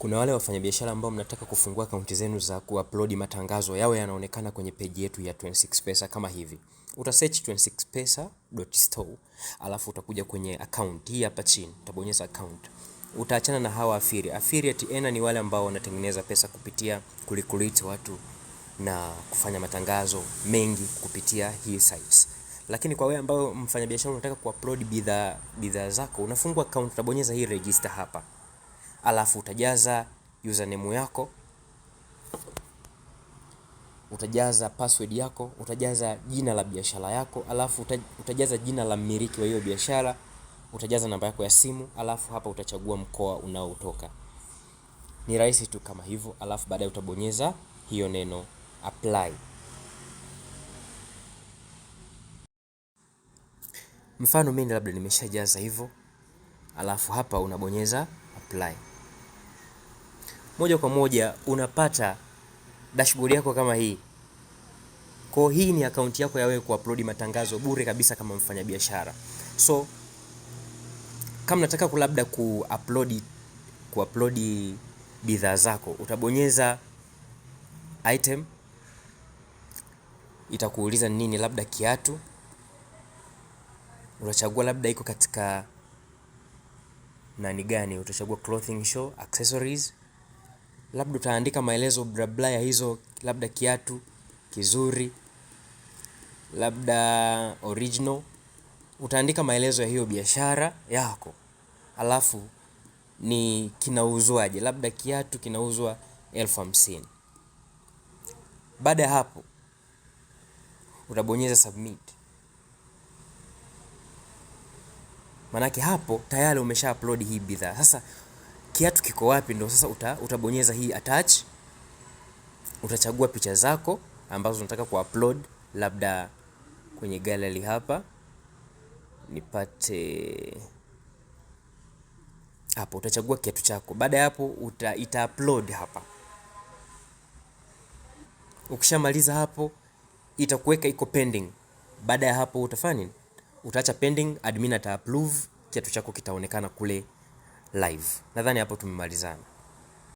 Kuna wale wafanyabiashara ambao mnataka kufungua akaunti zenu za kuupload matangazo yawe yanaonekana kwenye page yetu ya 26pesa kama hivi. Uta search 26pesa.store alafu utakuja kwenye account hii hapa chini, utabonyeza account. Utaachana na hawa affiliate. Affiliate ena ni wale ambao wanatengeneza pesa kupitia kulikuliti watu na kufanya matangazo mengi kupitia hii sites. Lakini kwa wewe ambao mfanyabiashara unataka kuupload bidhaa bidhaa zako, unafungua account, utabonyeza hii register hapa alafu utajaza username yako, utajaza password yako, utajaza jina la biashara yako, alafu utajaza jina la mmiliki wa hiyo biashara, utajaza namba yako ya simu, alafu hapa utachagua mkoa unaotoka. Ni rahisi tu kama hivyo, alafu baadaye utabonyeza hiyo neno apply. Mfano mimi labda nimeshajaza hivyo, alafu hapa unabonyeza apply moja kwa moja unapata dashboard yako kama hii. Kwa hii ni akaunti yako ya wewe kuupload matangazo bure kabisa kama mfanyabiashara. So kama nataka labda kuupload kuupload bidhaa zako, utabonyeza item, itakuuliza nini, labda kiatu, utachagua labda iko katika nani gani, utachagua clothing show, accessories labda utaandika maelezo bla ya hizo, labda kiatu kizuri, labda original. Utaandika maelezo ya hiyo biashara yako, alafu ni kinauzwaje, labda kiatu kinauzwa elfu hamsini. Baada ya hapo utabonyeza submit. Manake hapo tayari umesha upload hii bidhaa sasa kiatu kiko wapi, ndio sasa uta, utabonyeza hii attach, utachagua picha zako ambazo unataka kuupload labda kwenye gallery hapa nipate hapo, utachagua kiatu chako. Baada ya hapo uta, ita upload hapa. Ukishamaliza hapo itakuweka iko pending. Baada ya hapo utafanya nini? Utaacha pending, admin ata approve, kiatu chako kitaonekana kule live. Nadhani hapo tumemalizana.